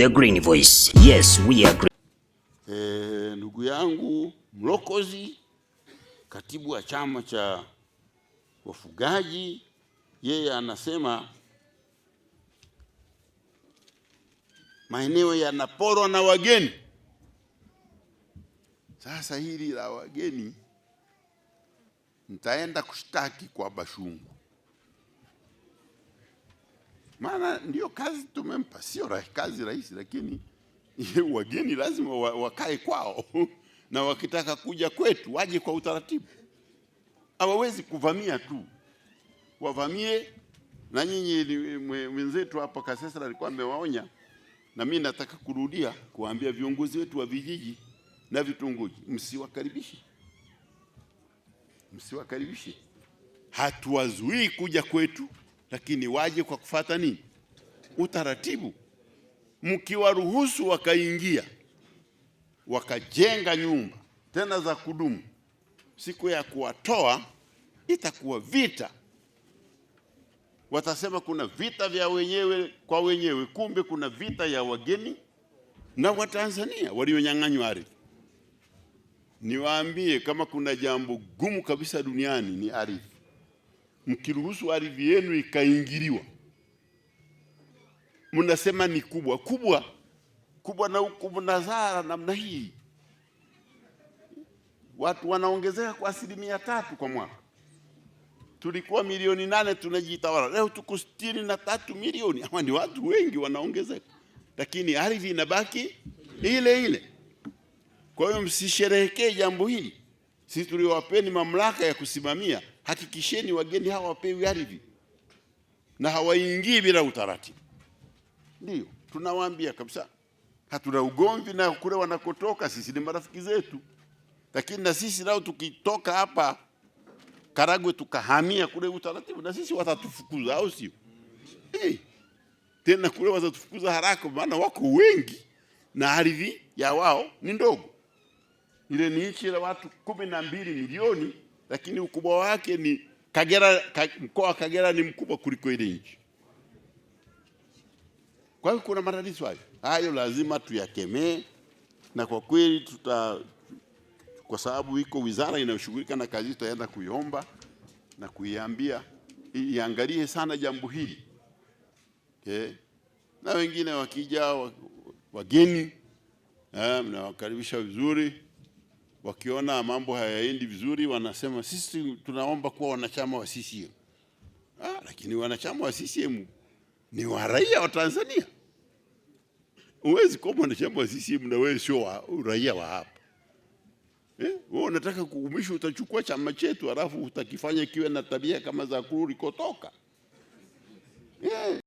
The Green Voice. Yes, we agree. Eh, ndugu yangu Mlokozi, katibu wa chama cha wafugaji, yeye anasema maeneo yanaporwa na wageni. Sasa hili la wageni nitaenda kushtaki kwa bashungu maana ndio kazi tumempa. Sio kazi rahisi, lakini wageni lazima wakae kwao na wakitaka kuja kwetu waje kwa utaratibu, hawawezi kuvamia tu, wavamie na nyinyi. Mwenzetu hapa Kasesa alikuwa amewaonya, na mimi nataka kurudia kuwaambia viongozi wetu wa vijiji na vitunguji msiwakaribishe, msiwakaribishe. Hatuwazuii kuja kwetu, lakini waje kwa kufata nini utaratibu. Mkiwaruhusu wakaingia wakajenga nyumba tena za kudumu, siku ya kuwatoa itakuwa vita. Watasema kuna vita vya wenyewe kwa wenyewe, kumbe kuna vita ya wageni na Watanzania walionyang'anywa ardhi. Niwaambie, kama kuna jambo gumu kabisa duniani ni ardhi mkiruhusu ardhi yenu ikaingiliwa, mnasema ni kubwa kubwa kubwa, na huku mnazara namna hii, watu wanaongezeka kwa asilimia tatu kwa mwaka. Tulikuwa milioni nane tunajitawala, leo tuko sitini na tatu milioni. Hawa ni watu wengi wanaongezeka, lakini ardhi inabaki ile ile. Kwa hiyo msisherehekee jambo hili, sisi tuliwapeni mamlaka ya kusimamia hakikisheni wageni hawa wapewi ardhi na hawaingii bila utaratibu. Ndio tunawaambia kabisa, hatuna ugomvi na kule wanakotoka, sisi ni marafiki zetu, lakini na sisi nao tukitoka hapa Karagwe tukahamia kule, utaratibu na sisi watatufukuza, au sio? Hey, eh, tena kule watatufukuza haraka, maana wako wengi na ardhi ya wao ni ndogo. Ile ni nchi la watu kumi na mbili milioni lakini ukubwa wake ni Kagera, mkoa wa Kagera ni mkubwa kuliko ile nchi. Kwa hiyo kuna matatizo hayo hayo lazima tuyakemee, na kwa kweli tuta, kwa sababu iko wizara inayoshughulika na kazi, tutaenda kuiomba na kuiambia iangalie sana jambo hili okay. E, na wengine wakija wageni, e, mnawakaribisha vizuri wakiona mambo hayaendi vizuri, wanasema sisi tunaomba kuwa wanachama wa CCM. Ah, lakini wanachama wa CCM ni wa raia wa Tanzania. Huwezi kuwa mwanachama wa CCM na wewe sio wa raia wa hapa eh? Wewe unataka kuumisha, utachukua chama chetu halafu utakifanya kiwe na tabia kama za kurudi kotoka eh?